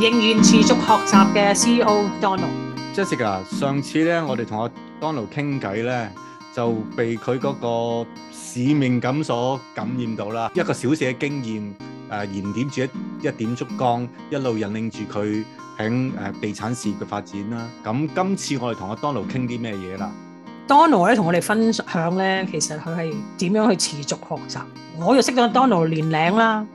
仍然持續學習嘅 CEO Donald。Jessica，上次咧我哋同阿 Donald 傾偈咧，就被佢嗰個使命感所感染到啦。一個小小嘅經驗誒、呃，燃點住一一點燭光，一路引領住佢喺誒地產事業嘅發展啦。咁今次我哋同阿 Donald 傾啲咩嘢啦？Donald 咧同我哋分享咧，其實佢係點樣去持續學習？我又識咗 Donald 年齡啦。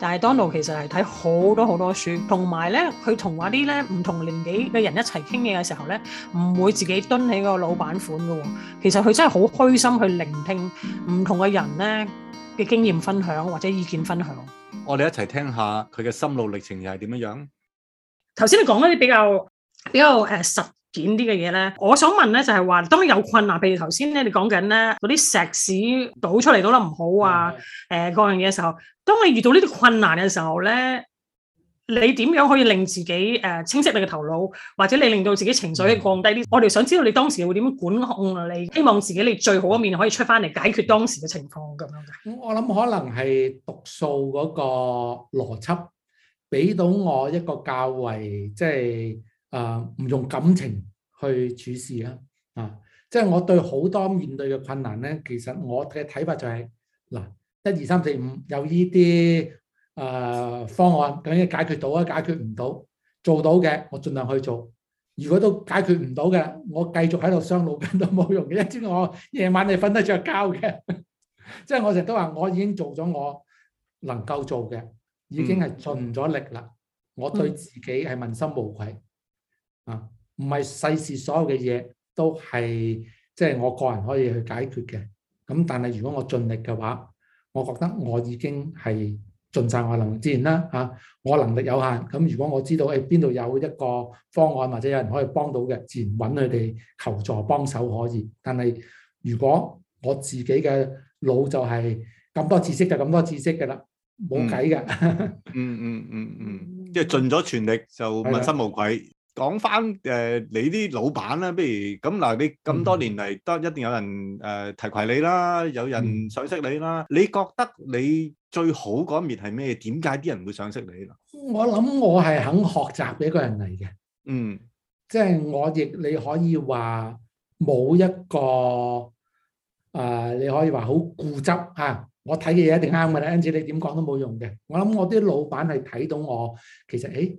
但係 Donald 其實係睇好多好多書，同埋咧佢同嗰啲咧唔同年紀嘅人一齊傾嘢嘅時候咧，唔會自己蹲起個老闆款嘅喎。其實佢真係好虛心去聆聽唔同嘅人咧嘅經驗分享或者意見分享。我哋一齊聽下佢嘅心路歷程又係點樣？頭先你講嗰啲比較比較誒、呃、實。簡啲嘅嘢咧，我想問咧就係話，當你有困難，譬如頭先咧你講緊咧嗰啲石屎倒出嚟倒得唔好啊，誒、嗯、各樣嘢嘅時候，當你遇到呢啲困難嘅時候咧，你點樣可以令自己誒清晰你嘅頭腦，或者你令到自己情緒去降低啲？嗯、我哋想知道你當時會點樣管控你，希望自己你最好嘅面可以出翻嚟解決當時嘅情況咁樣嘅。我諗可能係讀數嗰個邏輯，俾到我一個較為即係。就是啊！唔、uh, 用感情去處事啦、啊，啊！即、就、係、是、我對好多面對嘅困難咧，其實我嘅睇法就係、是、嗱，1, 2, 3, 4, 5, 一二三四五有呢啲啊方案，究竟解決到啊，解決唔到做到嘅，我儘量去做。如果都解決唔到嘅，我繼續喺度傷腦筋都冇用嘅。一、啊、知我夜晚你瞓得着覺嘅，即 係我成日都話，我已經做咗我能夠做嘅，已經係盡咗力啦。嗯、我對自己係問心無愧。嗯啊，唔係世事所有嘅嘢都係即係我個人可以去解決嘅。咁但係如果我盡力嘅話，我覺得我已經係盡晒我能力。自然啦，嚇我能力有限。咁如果我知道喺邊度有一個方案或者有人可以幫到嘅，自然揾佢哋求助幫手可以。但係如果我自己嘅腦就係咁多知識就咁多知識嘅啦，冇計㗎。嗯嗯嗯嗯，即係盡咗全力就問心無愧。講返誒，你啲老闆咧，不如咁嗱，你咁多年嚟當然都一定有人誒提攜你啦，有人賞識你啦。你覺得你最好嗰一面係咩？點解啲人會賞識你？我諗我係肯學習嘅一個人嚟嘅，嗯，即係我亦你可以話冇一個啊，你可以話好固執嚇。我睇嘅嘢一定啱嘅咧，即使你點講都冇用嘅。我諗我啲老闆係睇到我其實誒。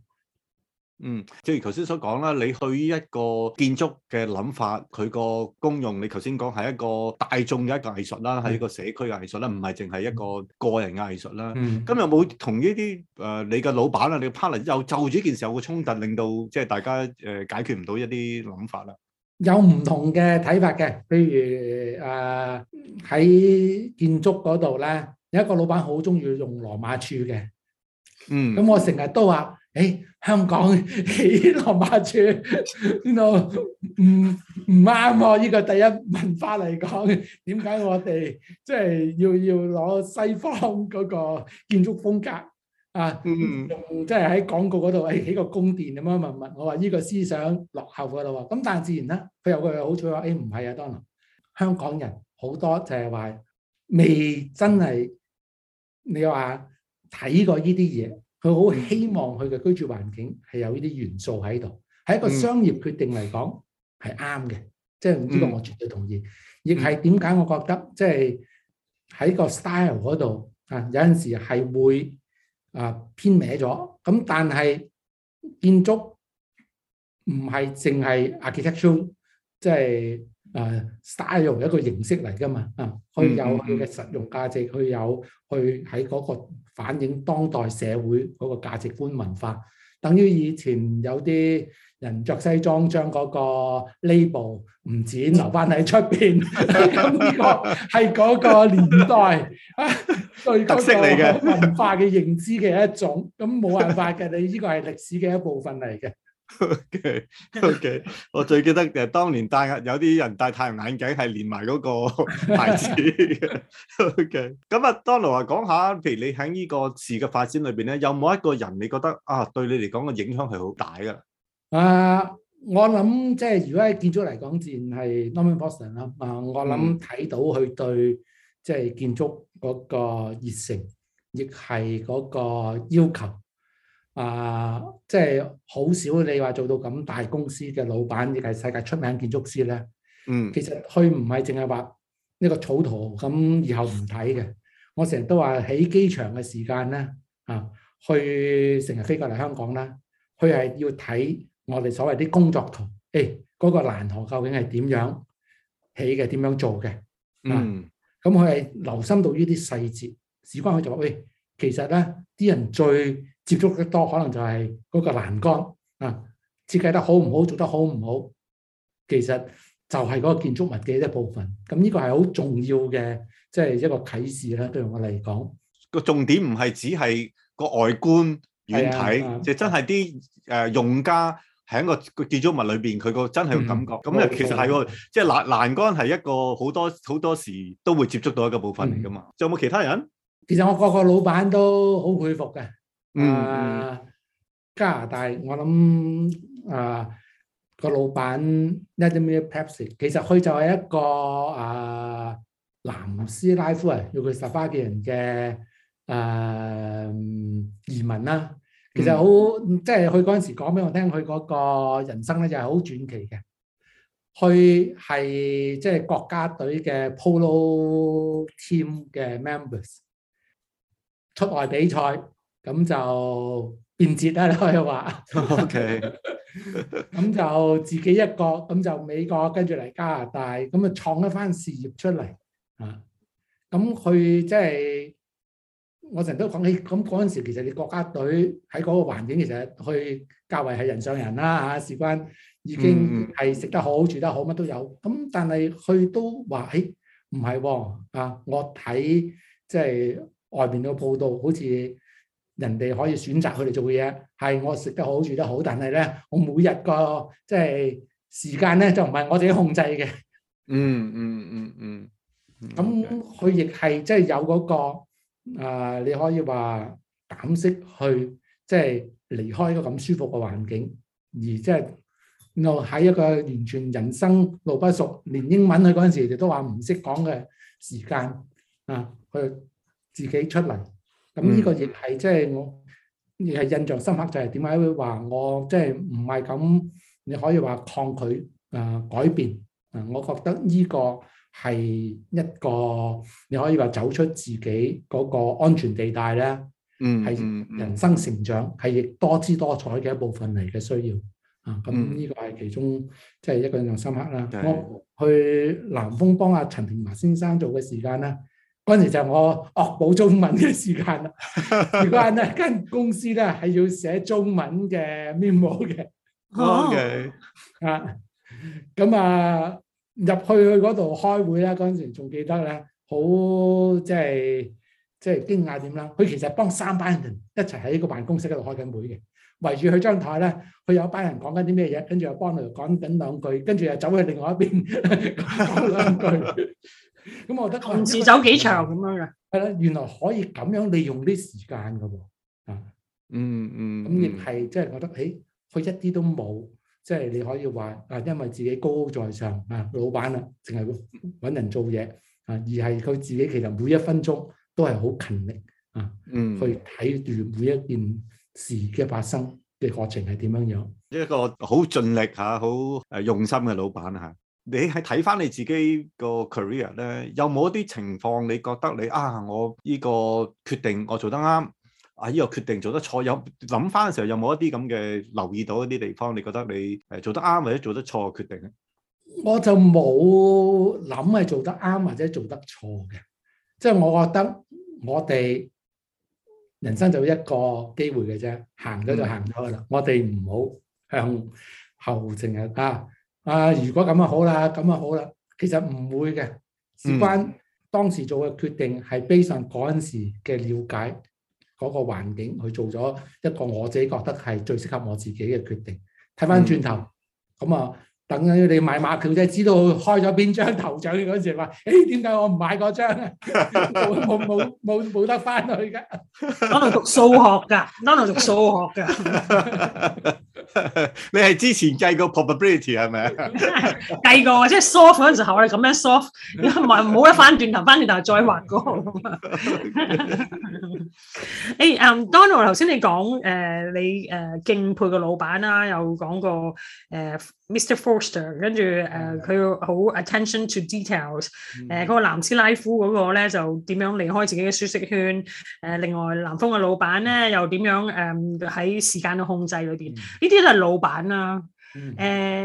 嗯，正如頭先所講啦，你對於一個建築嘅諗法，佢個功用，你頭先講係一個大眾嘅一個藝術啦，係一個社區嘅藝術啦，唔係淨係一個個人嘅藝術啦。咁有冇同呢啲誒，你嘅老闆啦，你嘅 partner 又就住呢件事有個衝突，令到即係大家誒解決唔到一啲諗法啦？有唔同嘅睇法嘅，譬如誒喺建築嗰度咧，有一個老闆好中意用羅馬柱嘅，嗯，咁我成日都話。誒、哎，香港起羅馬柱，呢度唔唔啱喎。依、這個第一文化嚟講，點解我哋即係要要攞西方嗰個建築風格啊？嗯、mm，即係喺廣告嗰度起個宮殿咁樣，問問我話呢個思想落後噶咯。咁但係自然啦，佢有個好處話，誒唔係啊，當然香港人好多就係話未真係你話睇過呢啲嘢。佢好希望佢嘅居住環境係有呢啲元素喺度，喺一個商業決定嚟講係啱嘅，即係呢個我絕對同意。亦係點解我覺得即係喺個 style 嗰度啊，有陣時係會啊偏歪咗。咁但係建築唔係淨係 architecture，即係。誒、uh, style 一個形式嚟噶嘛，啊、uh, mm，可以有佢嘅實用價值，去有去喺嗰個反映當代社會嗰個價值觀文化，等於以前有啲人着西裝將嗰個 label 唔剪留返喺出邊，咁呢 個係嗰個年代 對嗰個文化嘅認知嘅一種，咁冇辦法嘅，你呢 個係歷史嘅一部分嚟嘅。O.K. O.K. 我最記得誒，當年戴眼有啲人戴太陽眼鏡係連埋嗰個牌子嘅。O.K. 咁啊，Donald 啊，講下，譬如你喺呢個事嘅發展裏邊咧，有冇一個人你覺得啊，對你嚟講嘅影響係好大嘅？誒，我諗即係如果喺建築嚟講，自然係 Norman Foster 啦。啊，我諗睇到佢對即係建築嗰個熱誠，亦係嗰個要求。啊，即係好少你話做到咁大公司嘅老闆，亦係世界出名建築師咧。嗯，其實佢唔係淨係話呢個草圖咁，以後唔睇嘅。我成日都話喺機場嘅時間咧，啊，去成日飛過嚟香港啦，佢係要睇我哋所謂啲工作圖。誒、欸，嗰、那個欄河究竟係點樣起嘅？點樣做嘅？嗯，咁佢係留心到呢啲細節。事關佢就話，喂、欸，其實咧，啲人最接觸得多，可能就係嗰個欄杆啊，設計得好唔好，做得好唔好，其實就係嗰個建築物嘅一部分。咁呢個係好重要嘅，即係一個啟示啦，對我嚟講。個重點唔係只係個外觀遠睇，就真係啲誒用家喺個建築物裏邊，佢個真係個感覺。咁啊，其實係個，即係欄欄杆係一個好多好多時都會接觸到一個部分嚟噶嘛。仲有冇其他人？其實我個個老闆都好佩服嘅。啊！嗯嗯、加拿大，我諗啊個老闆，一啲咩？perhaps i 其實佢就係一個誒、啊、南斯拉夫啊，要佢十 u r 人嘅誒移民啦、啊。其實好、嗯、即係佢嗰陣時講俾我聽，佢嗰個人生咧就係好傳奇嘅。佢係即係國家隊嘅 polo team 嘅 members 出外比賽。咁就便捷啦，可以話 ，OK，咁 就自己一個，咁就美國跟住嚟加拿大，咁啊創一番事業出嚟啊，咁佢即係我成日都講，起。咁嗰陣時其實你國家隊喺嗰個環境，其實佢較為係人上人啦吓、啊，事關已經係食得好住得好，乜都有，咁但係佢都話，誒、欸，唔係、哦、啊，我睇即係外邊嘅報道，好似。人哋可以選擇佢哋做嘅嘢，係我食得好住得好，但係咧，我每日個即係時間咧就唔係我自己控制嘅、嗯。嗯嗯嗯嗯。咁佢亦係即係有嗰個啊，你可以話膽識去，即係離開一個咁舒服嘅環境，而即係我喺一個完全人生路不熟，連英文佢嗰陣時都話唔識講嘅時間啊，去自己出嚟。咁呢、嗯、個亦係即係我亦係印象深刻，就係點解會話我即係唔係咁你可以話抗拒啊、呃、改變啊、呃。我覺得呢個係一個你可以話走出自己嗰個安全地帶咧、嗯，嗯，係人生成長係、嗯嗯、亦多姿多彩嘅一部分嚟嘅需要啊。咁、嗯、呢、嗯、個係其中即係、就是、一個印象深刻啦。就是、我去南豐幫阿陳廷驊先生做嘅時間咧。嗰陣時就我惡補中文嘅時間啦。如果係一間公司咧，係要寫中文嘅 memo 嘅，ok 啊，咁啊入去去嗰度開會啦，嗰陣時仲記得咧，好即係即係驚訝點啦。佢其實幫三班人一齊喺個辦公室嗰度開緊會嘅，圍住佢張台咧，佢有一班人講緊啲咩嘢，跟住又幫佢講緊兩句，跟住又走去另外一邊講兩句。咁、嗯嗯嗯、我覺得同時走幾長咁樣嘅係啦，嗯、原來可以咁樣利用啲時間噶喎啊，嗯嗯，咁亦係即係我覺得，誒、欸，佢一啲都冇，即、就、係、是、你可以話啊，因為自己高高在上啊，老闆啦、啊，淨係會搵人做嘢啊，而係佢自己其實每一分鐘都係好勤力啊，嗯，去睇住每一件事嘅發生嘅過程係點樣樣，一個好盡力吓，好誒用心嘅老闆吓。啊你係睇翻你自己個 career 咧，有冇一啲情況你覺得你啊，我呢個決定我做得啱，啊呢個決定做得錯，有諗翻嘅時候有冇一啲咁嘅留意到一啲地方？你覺得你誒做得啱或者做得錯嘅決定咧？我就冇諗係做得啱或者做得錯嘅，即係我覺得我哋人生就一個機會嘅啫，行咗就行咗啦。我哋唔好向後靜啊！啊！如果咁啊好啦，咁啊好啦，其實唔會嘅，事關當時做嘅決定係非常趕時，基於嗰陣時嘅了解嗰個環境，去做咗一個我自己覺得係最適合我自己嘅決定。睇翻轉頭，咁、嗯、啊。等你買馬票啫，知道開咗邊張頭獎嗰時，話，誒，點解我唔買嗰張啊？冇冇冇冇冇得翻去噶！我係讀數學噶，我係讀數學噶。你係之前計過 probability 係咪啊？計過即係 soft 嗰陣時候，我哋咁樣 soft，唔冇得翻轉頭，翻轉頭再還過。誒，Donald 頭先你講誒，你誒敬佩個老闆啦，又講過誒。Mr. Forster 跟住誒，佢好的、啊、attention to details、嗯。誒、啊，嗰、那個藍斯拉夫嗰個咧，就點樣離開自己嘅舒適圈？誒、啊，另外南豐嘅老闆咧，又點樣誒喺、嗯、時間嘅控制裏邊？呢啲都係老闆啦、啊。誒、嗯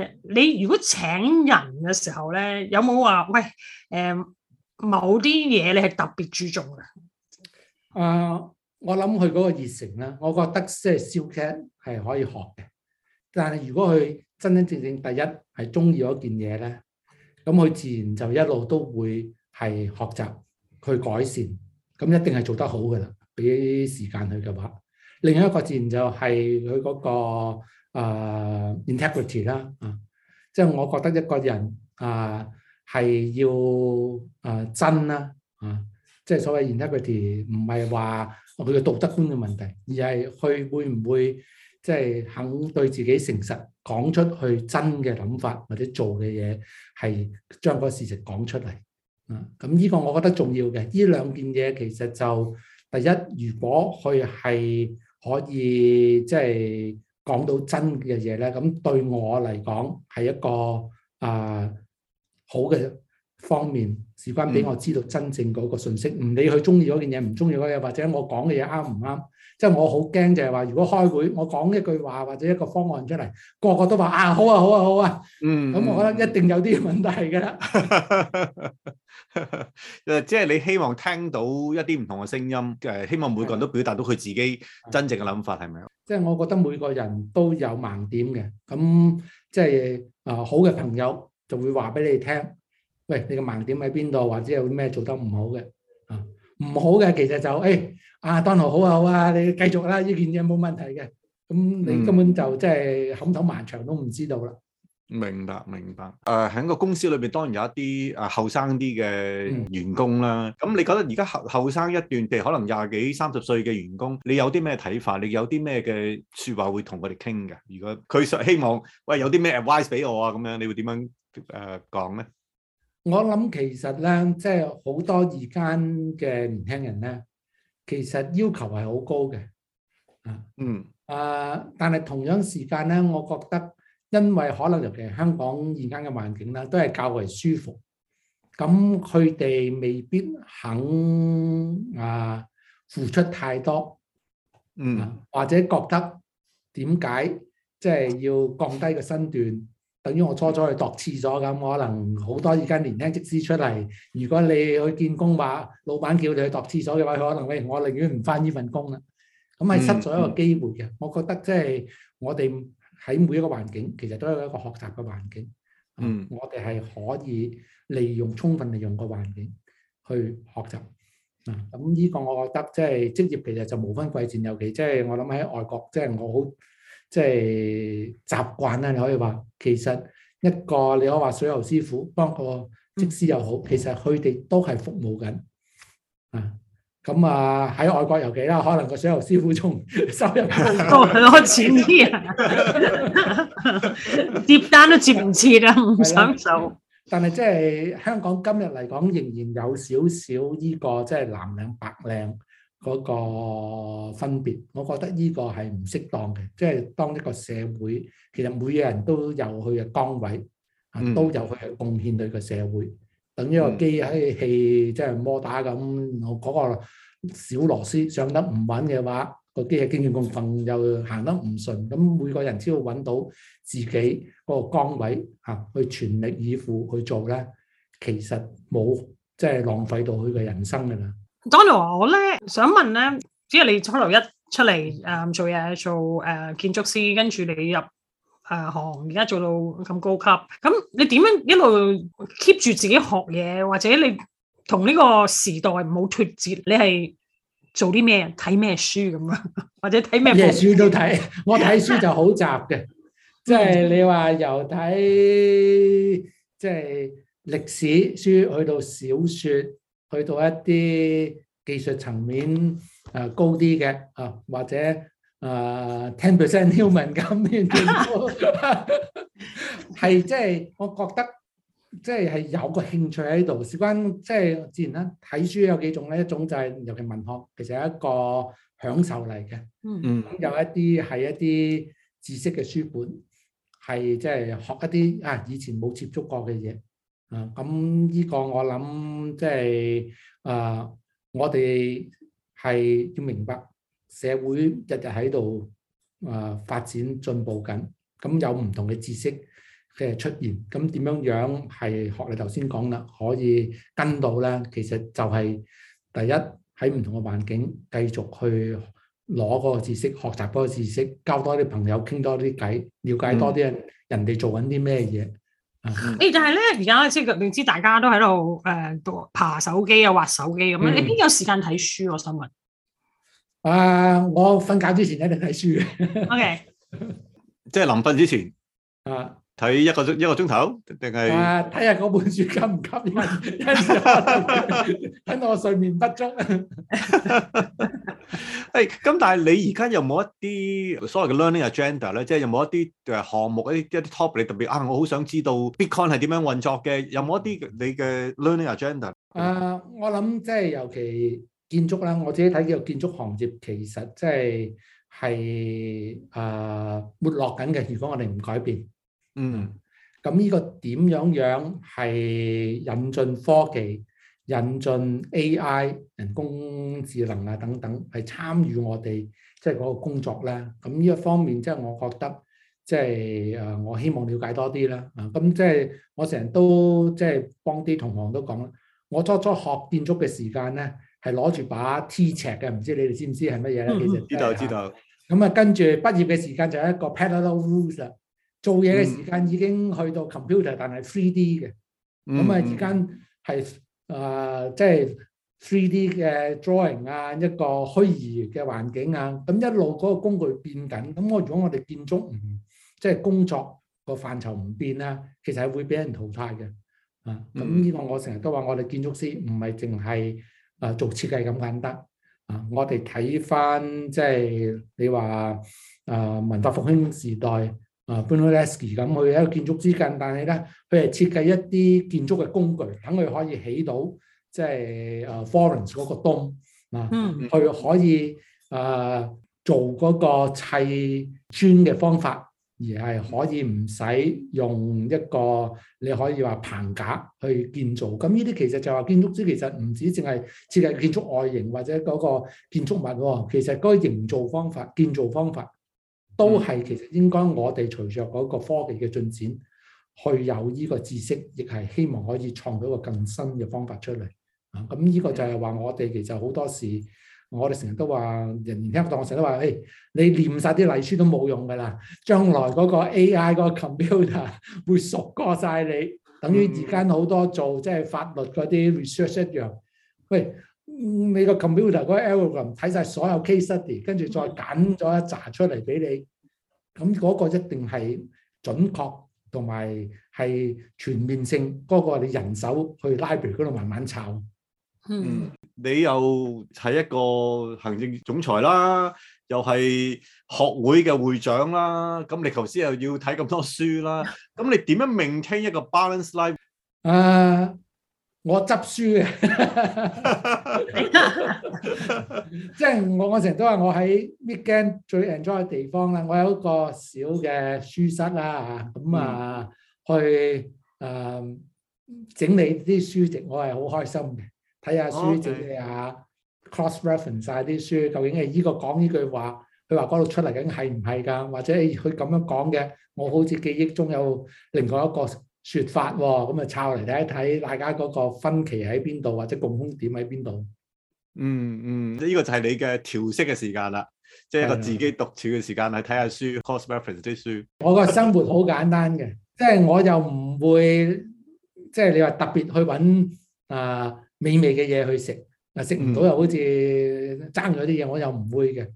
啊，你如果請人嘅時候咧，有冇話喂誒、呃、某啲嘢你係特別注重嘅？誒、呃，我諗佢嗰個熱誠啦，我覺得即係 skill 係可以學嘅，但係如果佢真真正正第一係中意嗰件嘢咧，咁佢自然就一路都會係學習去改善，咁一定係做得好嘅啦。俾時間佢嘅話，另一個自然就係佢嗰個、呃、integrity 啦，啊，即係我覺得一個人啊係要誒真啦，啊，即係所謂 integrity，唔係話佢嘅道德觀嘅問題，而係佢會唔會？即係肯對自己誠實講出去真嘅諗法或者做嘅嘢，係將嗰事實講出嚟。啊、嗯，咁、這、呢個我覺得重要嘅。呢兩件嘢其實就第一，如果佢係可以即係講到真嘅嘢咧，咁對我嚟講係一個啊、呃、好嘅方面。事關俾我知道真正嗰個信息，唔理佢中意嗰件嘢，唔中意嗰嘢，或者我講嘅嘢啱唔啱，即係我好驚就係話，如果開會我講一句話或者一個方案出嚟，個個都話啊好啊好啊好啊，好啊好啊嗯，咁我覺得一定有啲問題㗎啦。誒，即係你希望聽到一啲唔同嘅聲音，誒，希望每個人都表達到佢自己真正嘅諗法，係咪？即係我覺得每個人都有盲點嘅，咁即係啊好嘅朋友就會話俾你聽。喂，你個盲點喺邊度？或者有啲咩做得唔好嘅？啊，唔好嘅，其實就誒，阿 Donald 好啊好啊，你繼續啦，呢件嘢冇問題嘅。咁你根本就即係冚頭盲腸都唔知道啦。明白，明白。誒、呃，喺個公司裏邊，當然有一啲誒後生啲嘅員工啦。咁、嗯、你覺得而家後後生一段，譬如可能廿幾三十歲嘅員工，你有啲咩睇法？你有啲咩嘅說話會同佢哋傾嘅？如果佢想希望，喂，有啲咩 advice 俾我啊？咁樣你會點樣誒講咧？呃我諗其實咧，即係好多而家嘅年輕人咧，其實要求係好高嘅。啊，嗯，啊，但係同樣時間咧，我覺得因為可能尤其係香港而家嘅環境咧，都係較為舒服，咁佢哋未必肯啊付出太多。嗯，或者覺得點解即係要降低個身段？等於我初初去度廁所咁，我可能好多而家年輕職司出嚟。如果你去見工話，老闆叫你去度廁所嘅話，佢可能咧，我寧願唔翻呢份工啦。咁係失咗一個機會嘅。嗯、我覺得即係我哋喺每一個環境，其實都有一個學習嘅環境。嗯。我哋係可以利用充分利用個環境去學習。嗱，咁呢個我覺得即係職業其實就無分貴賤，尤其即係我諗喺外國，即係我好。即係習慣啦，你可以話，其實一個你可話水喉師傅幫個技師又好，其實佢哋都係服務緊啊。咁啊喺外國尤其啦，可能個水喉師傅中收入多錢啲，人，接單都接唔切啦，唔 想做。但係即係香港今日嚟講，仍然有少少呢，這個即係藍領白領。嗰個分別，我覺得呢個係唔適當嘅。即係當一個社會，其實每個人都有佢嘅崗位，啊、嗯、都有佢嘅貢獻對個社會。等於個機喺器、哎、即係摩打咁，嗰、嗰個小螺絲上得唔穩嘅話，個機器經驗咁，瞓又行得唔順。咁每個人只要揾到自己嗰個崗位，嚇、啊、去全力以赴去做咧，其實冇即係浪費到佢嘅人生㗎啦。Donald，我咧想問咧，只係你初頭一出嚟誒做嘢，做誒、呃、建築師，跟住你入誒、呃、行，而家做到咁高級，咁你點樣一路 keep 住自己學嘢，或者你同呢個時代唔好脫節？你係做啲咩？睇咩書咁啊？或者睇咩？嘢書都睇，我睇書就好雜嘅，即係 你話由睇即係歷史書去到小說。去到一啲技術層面誒、呃、高啲嘅啊，或者誒 ten percent human 咁，係即係我覺得即係係有個興趣喺度。事關即係自然啦，睇書有幾種咧，一種就係尤其文學，其實係一個享受嚟嘅。嗯，咁有一啲係一啲知識嘅書本，係即係學一啲啊以前冇接觸過嘅嘢。啊，咁呢個我諗即係啊，我哋係要明白社會日日喺度啊發展進步緊，咁、嗯、有唔同嘅知識嘅出現，咁、嗯、點樣樣係學你頭先講啦，可以跟到咧。其實就係、是、第一喺唔同嘅環境繼續去攞嗰個知識，學習嗰個知識，交多啲朋友，傾多啲偈，了解多啲人，人哋做緊啲咩嘢。誒、哎，但係咧，而家即係明知大家都喺度誒，讀、呃、爬手機啊，滑手機咁樣，你邊有時間睇書？我想問啊！誒、嗯呃，我瞓覺之前一定睇書。O K，即係臨瞓之前。啊。睇一個鐘一個鐘頭，定係啊？睇下嗰本書吸唔吸引，引到我睡眠不足。誒，咁但係你而家有冇一啲所謂嘅 learning agenda 咧？即係有冇一啲誒項目一啲一啲 topic？你特別啊，我好想知道 Bitcoin 係點樣運作嘅？有冇一啲你嘅 learning agenda？誒，我諗即係尤其建築咧，我自己睇嘅建築行業其實即係係誒沒落緊嘅。如果我哋唔改變。嗯，咁呢個點樣樣係引進科技，引進 AI、人工智能啊等等，係參與我哋即係嗰個工作咧。咁呢一方面，即係我覺得，即係誒，我希望了解多啲啦。啊，咁即係我成日都即係幫啲同行都講啦。我初初學建築嘅時間咧，係攞住把 T 尺嘅，唔知你哋知唔知係乜嘢咧？嗯，知道知道。咁啊，跟住畢業嘅時間就係一個 parallel rules 啦做嘢嘅時間已經去到 computer，但係 three D 嘅，咁啊而家係啊即係 three D 嘅 drawing 啊，一個虛擬嘅環境啊，咁一路嗰個工具變緊，咁我如果我哋建築唔即係工作個範疇唔變啦，其實係會俾人淘汰嘅啊。咁呢個我成日都話，我哋建築師唔係淨係啊做設計咁簡單啊，我哋睇翻即係你話啊文化復興時代。啊，Brunelleschi 咁佢一個建築之間，但係咧，佢係設計一啲建築嘅工具，等佢可以起到即係啊，Florence 嗰個洞啊，佢可以啊做嗰個砌磚嘅方法，而係可以唔使用一個你可以話棚架去建造。咁呢啲其實就係建築師其實唔止淨係設計建築外形或者嗰個建築物，其實嗰個營造方法、建造方法。都係其實應該我哋隨着嗰個科技嘅進展，去有呢個知識，亦係希望可以創到個更新嘅方法出嚟。啊，咁呢個就係話我哋其實好多時，我哋成日都話人聽講，成日都話，誒，你念晒啲例書都冇用㗎啦，將來嗰個 AI 嗰個 computer 會熟過晒你。等於而家好多做即係法律嗰啲 research 一樣，喂。你個 computer 嗰個 algorithm 睇晒所有 case study，跟住再揀咗一紮出嚟俾你，咁嗰個一定係準確同埋係全面性，嗰個你人手去 library 嗰度慢慢抄。嗯，你又係一個行政總裁啦，又係學會嘅會長啦，咁你頭先又要睇咁多書啦，咁你點樣 maintain 一個 balance life？啊！我執書嘅，即係我我成日都話我喺 mid game 最 enjoy 嘅地方啦。我有一個小嘅書室啦嚇，咁啊去誒整理啲書籍，我係好開心嘅。睇下書，整理下 cross reference 晒啲書，究竟係呢個講呢句話，佢話嗰度出嚟究竟係唔係㗎？或者佢咁樣講嘅，我好似記憶中有另外一個。説法喎，哦，咁啊抄嚟睇一睇，看看大家嗰個分歧喺邊度，或者共通點喺邊度？嗯、這個、嗯，呢個就係你嘅調色嘅時間啦，即係一個自己獨處嘅時間，去睇下書，cross reference 啲書。我個生活好簡單嘅，即係我又唔會，即係你話特別去揾啊美味嘅嘢去食，啊食唔到又好似爭咗啲嘢，嗯、我又唔會嘅，啊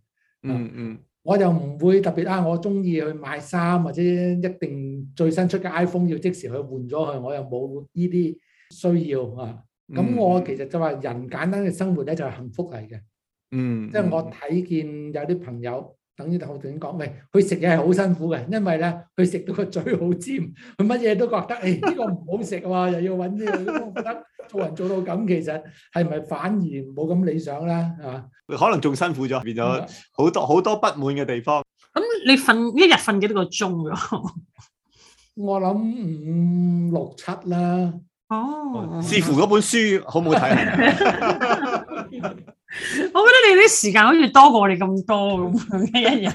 嗯。嗯嗯，我就唔會特別啊，我中意去買衫或者一定。最新出嘅 iPhone 要即時去換咗佢，我又冇呢啲需要啊。咁我其實就話人簡單嘅生活咧就係幸福嚟嘅。嗯，即係我睇見有啲朋友，等於頭先講，喂，佢食嘢係好辛苦嘅，因為咧佢食到個嘴好尖，佢乜嘢都覺得，誒呢個唔好食喎，又要搵啲，我覺得做人做到咁，其實係咪反而冇咁理想咧？啊，可能仲辛苦咗，變咗好多好多不滿嘅地方。咁你瞓一日瞓幾多個鐘㗎？我諗五六七啦。哦，視乎嗰本書好唔好睇。 我覺得你啲時間好似多過我哋咁多咁嘅一日，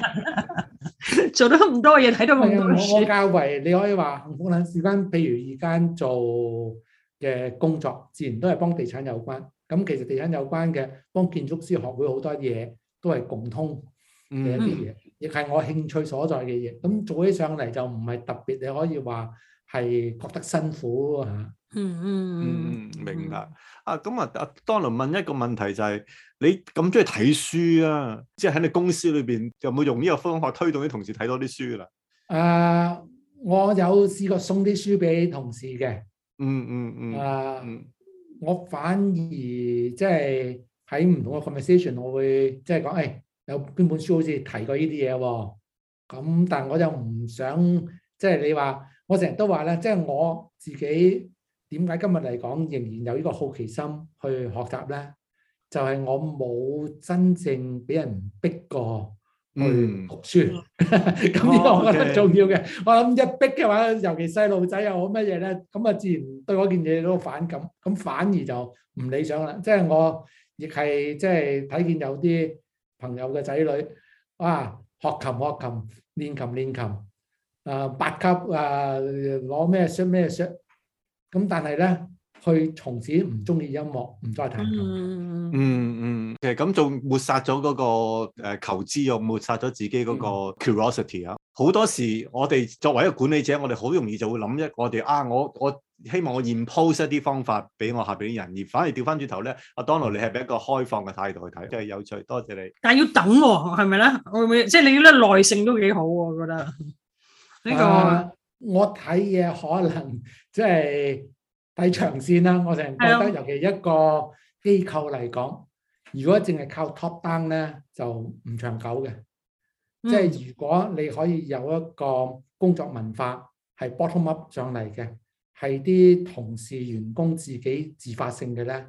做得咁多嘢，睇到咁多書。時間維你可以話，幸福啦，時間，譬如而家做嘅工作，自然都係幫地產有關。咁其實地產有關嘅，幫建築師學會好多嘢，都係共通嘅一啲嘢。Mm hmm. 係我興趣所在嘅嘢，咁做起上嚟就唔係特別，你可以話係覺得辛苦嚇、啊。嗯嗯 嗯，明白。啊，咁啊，阿 Donald 問一個問題就係、是、你咁中意睇書啊，即係喺你公司裏邊有冇用呢個方法推動啲同事睇多啲書啦、啊？誒，我有試過送啲書俾同事嘅。嗯嗯嗯。誒、嗯啊，我反而即係喺唔同嘅 conversation，我會即係講誒。哎有本書好似提過呢啲嘢喎，咁但係我就唔想即係你話，我成日都話咧，即係我自己點解今日嚟講仍然有呢個好奇心去學習咧？就係、是、我冇真正俾人逼過去讀書，咁、嗯、 呢個我覺得重要嘅。Oh, okay. 我諗一逼嘅話，尤其細路仔又好乜嘢咧，咁啊自然對嗰件嘢都反感，咁反而就唔理想啦。即係我亦係即係睇見有啲。朋友嘅仔女，哇，學琴學琴，練琴練琴，啊、呃，八級啊，攞咩書咩書，咁、嗯、但係咧，佢從此唔中意音樂，唔再彈琴、嗯。嗯嗯，其實咁仲抹殺咗嗰、嗰個、呃、求知又抹殺咗自己嗰個 curiosity、嗯、啊。好多時，我哋作為一個管理者，我哋好容易就會諗一，我哋啊，我我希望我 impose 一啲方法俾我下邊啲人，而反而調翻轉頭咧，阿，啊，Donald 你係俾一個開放嘅態度去睇，真係有趣，多謝你。但係要等喎，係咪咧？我唔會即係你要咧耐性都幾好喎？我覺得呢個我睇嘢可能即係睇長線啦。我成日覺得，尤其一個機構嚟講，如果淨係靠 top down 咧，就唔長久嘅。嗯、即係如果你可以有一個工作文化係 bottom up 上嚟嘅，係啲同事員工自己自發性嘅咧，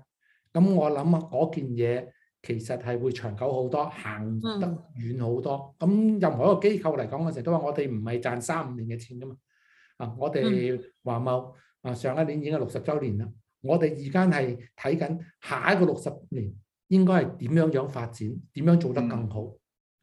咁我諗嗰件嘢其實係會長久好多，行得遠好多。咁任何一個機構嚟講，我成日都話我哋唔係賺三五年嘅錢噶嘛。啊，我哋華懋啊，上一年已經係六十週年啦。我哋而家係睇緊下一個六十年應該係點樣樣發展，點樣做得更好。嗯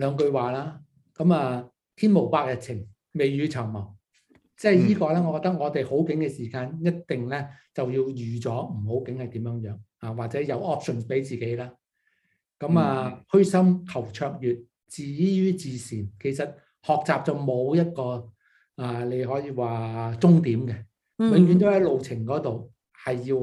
兩句話啦，咁啊，天無百日晴，未雨綢繆，即係呢個咧，我覺得我哋好景嘅時間一定咧就要預咗唔好景係點樣樣啊，或者有 option 俾自己啦。咁啊，虛心求卓越，止於至善。其實學習就冇一個啊，你可以話終點嘅，永遠都喺路程嗰度係要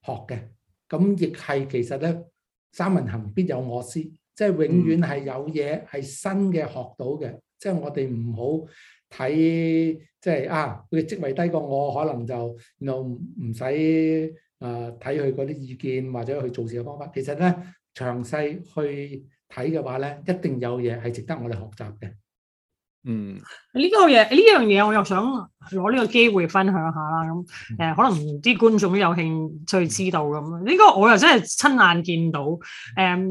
學嘅。咁亦係其實咧，三人行必有我師。即係永遠係有嘢係新嘅學到嘅，即係我哋唔好睇，即係啊佢嘅職位低過我，可能就然唔使誒睇佢嗰啲意見或者去做事嘅方法。其實咧詳細去睇嘅話咧，一定有嘢係值得我哋學習嘅。嗯，呢、這個嘢呢樣嘢，這個、我又想攞呢個機會分享下啦。咁誒、呃，可能啲觀眾有興趣知道咁。呢個我又真係親眼見到誒，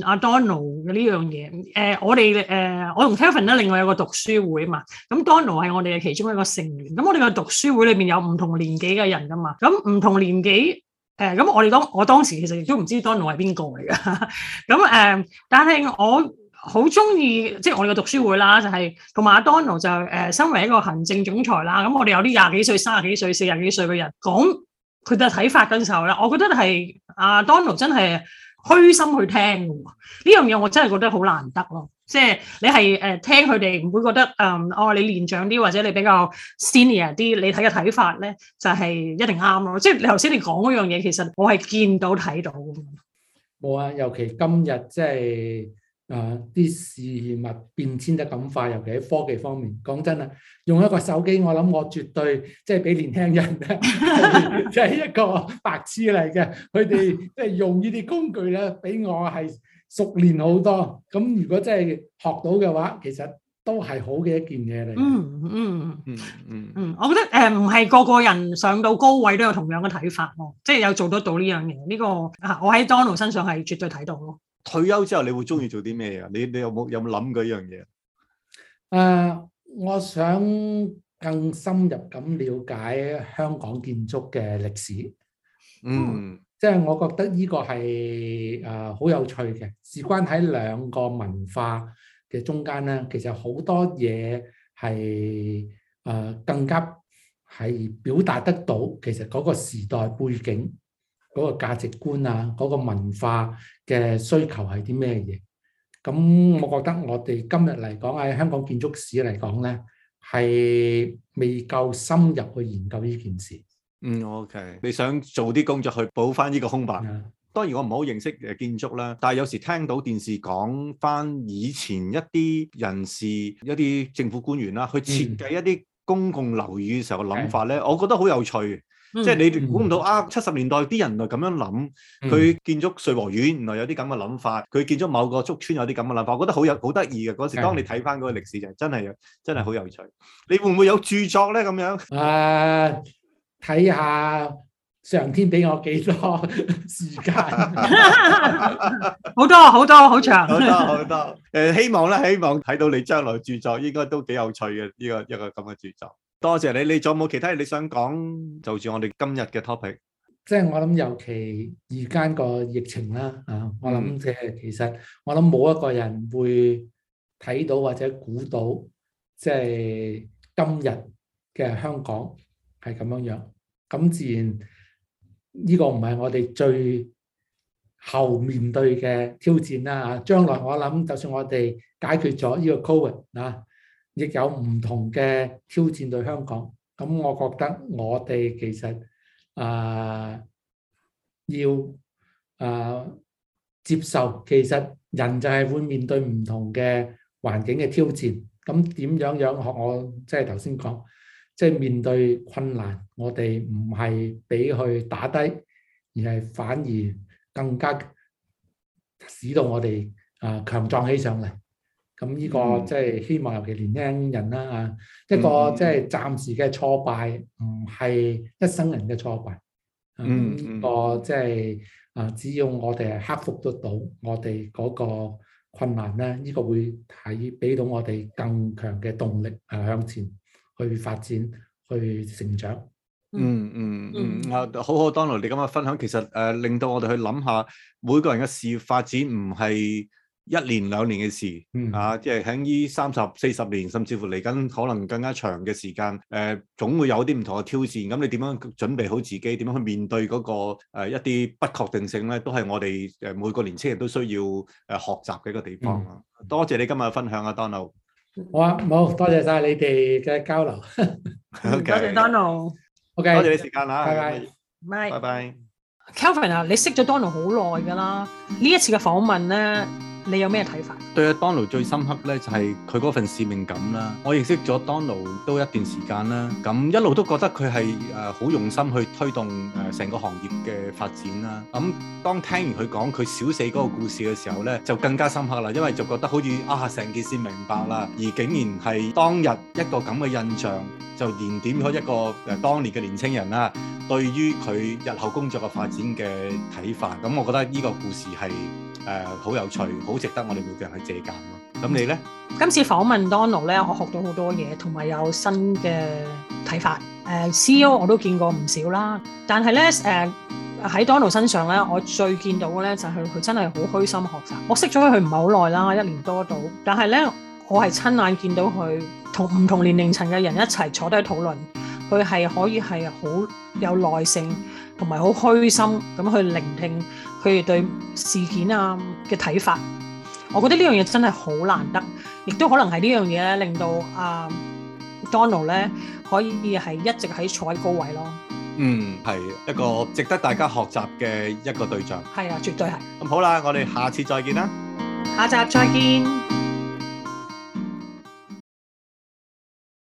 阿 Donald 嘅呢樣嘢。誒、嗯啊呃，我哋誒、呃，我同 Kelvin 咧，另外有個讀書會啊嘛。咁 Donald 係我哋嘅其中一個成員。咁我哋個讀書會裏邊有唔同年紀嘅人噶嘛。咁唔同年紀誒，咁、呃、我哋當我當時其實亦都唔知 Donald 係邊個嚟噶。咁誒、呃，但係我。好中意即係我哋嘅讀書會啦，就係同埋阿 Donald 就誒，身為一個行政總裁啦。咁我哋有啲廿幾歲、卅幾歲、四十幾歲嘅人講佢嘅睇法嘅時候咧，我覺得係阿 Donald 真係虛心去聽喎。呢樣嘢我真係覺得好難得咯。即係你係誒聽佢哋，唔會覺得誒，我、嗯哦、你年長啲或者你比較 senior 啲，你睇嘅睇法咧就係一定啱咯。即係你頭先你講嗰樣嘢，其實我係見到睇到嘅。冇啊，尤其今日即係。啊！啲事物變遷得咁快，尤其喺科技方面。講真啊，用一個手機，我諗我絕對即係、就是、畀年輕人咧係 一個白痴嚟嘅。佢哋即係用呢啲工具咧，畀我係熟練好多。咁如果真係學到嘅話，其實都係好嘅一件嘢嚟、嗯。嗯嗯嗯嗯嗯，我覺得誒唔係個個人上到高位都有同樣嘅睇法咯，即、就、係、是、有做得到呢樣嘢。呢、這個我喺 Donald 身上係絕對睇到咯。退休之後你會中意做啲咩啊？你你有冇有冇諗過呢樣嘢？誒，我想更深入咁了解香港建築嘅歷史。嗯，即係我覺得呢個係誒好有趣嘅，事關喺兩個文化嘅中間咧，其實好多嘢係誒更加係表達得到，其實嗰個時代背景、嗰個價值觀啊、嗰個文化。嘅需求係啲咩嘢？咁我覺得我哋今日嚟講喺香港建築史嚟講咧，係未夠深入去研究呢件事。嗯，OK，你想做啲工作去補翻呢個空白？當然我唔好認識誒建築啦，但係有時聽到電視講翻以前一啲人士、一啲政府官員啦，去設計一啲公共樓宇嘅時候嘅諗法咧，我覺得好有趣。嗯、即係你估唔到啊！七十年代啲人嚟咁樣諗，佢、嗯、建築瑞和苑，原來有啲咁嘅諗法；佢、嗯、建築某個竹村，有啲咁嘅諗法。我覺得好有好得意嘅，嗰時，當你睇翻嗰個歷史就真係真係好有趣。你會唔會有著作咧？咁樣誒，睇下、呃、上天俾我幾多時間， 好多好多好長，好 多好多。誒，希望咧，希望睇到你將來著作，應該都幾有趣嘅。呢個一個咁嘅著作。多謝你，你仲有冇其他嘢你想講？就住我哋今日嘅 topic，即係我諗，尤其而家個疫情啦，啊，我諗即係其實我諗冇一個人會睇到或者估到，即係今日嘅香港係咁樣樣。咁自然呢個唔係我哋最後面對嘅挑戰啦。啊，將來我諗，就算我哋解決咗呢個 COVID 啊。亦有唔同嘅挑戰對香港，咁我覺得我哋其實啊、呃、要啊、呃、接受，其實人就係會面對唔同嘅環境嘅挑戰，咁點樣樣學我即係頭先講，即係面對困難，我哋唔係俾佢打低，而係反而更加使到我哋啊強壯起上嚟。咁呢個即係希望，尤其年輕人啦啊，嗯、一個即係暫時嘅挫，挫敗，唔係一生人嘅挫敗。咁呢個即係啊，只要我哋係克服得到、嗯、我哋嗰個困難咧，呢、呢個會喺俾到我哋更強嘅動力啊向前去發展去成長。嗯嗯嗯，啊、嗯嗯、好好當勞你咁樣分享，其實誒、呃、令到我哋去諗下，每個人嘅事業發展唔係，一年兩年嘅事啊，即係喺呢三十四十年，甚至乎嚟緊可能更加長嘅時間，誒總會有啲唔同嘅挑戰。咁你點樣準備好自己？點樣去面對嗰個誒一啲不確定性咧？都係我哋誒每個年青人都需要誒學習嘅一個地方。多謝你今日嘅分享啊，Donald。好啊，冇多謝晒你哋嘅交流。多謝 Donald。O.K. 多謝你時間啊。拜拜。Bye bye。Kelvin 啊，你識咗 Donald 好耐㗎啦。呢一次嘅訪問咧～你有咩睇法？對阿 Donald 最深刻咧，就係佢嗰份使命感啦。我認識咗 Donald 都一段時間啦，咁一路都覺得佢係誒好用心去推動誒成、呃、個行業嘅發展啦。咁當聽完佢講佢小四嗰個故事嘅時候咧，嗯、就更加深刻啦，因為就覺得好似啊成件事明白啦，嗯、而竟然係當日一個咁嘅印象，就燃點咗一個誒當年嘅年輕人啦。對於佢日後工作嘅發展嘅睇法，咁我覺得呢個故事係誒好有趣，好值得我哋每個人去借鑑咯。咁你呢？今次訪問 Donald 咧，我學到好多嘢，同埋有新嘅睇法。誒、uh，CEO 我都見過唔少啦，但係呢，誒、uh, 喺 Donald 身上呢，我最見到嘅呢就係佢真係好虛心學習。我識咗佢唔係好耐啦，一年多到，但係呢，我係親眼見到佢同唔同年齡層嘅人一齊坐低討論。佢係可以係好有耐性，同埋好虛心咁去聆聽佢哋對事件啊嘅睇法。我覺得呢樣嘢真係好難得，亦都可能係呢樣嘢咧令到阿、啊、Donald 咧可以係一直喺坐喺高位咯。嗯，係一個值得大家學習嘅一個對象。係、嗯、啊，絕對係。咁好啦，我哋下次再見啦。下集再見。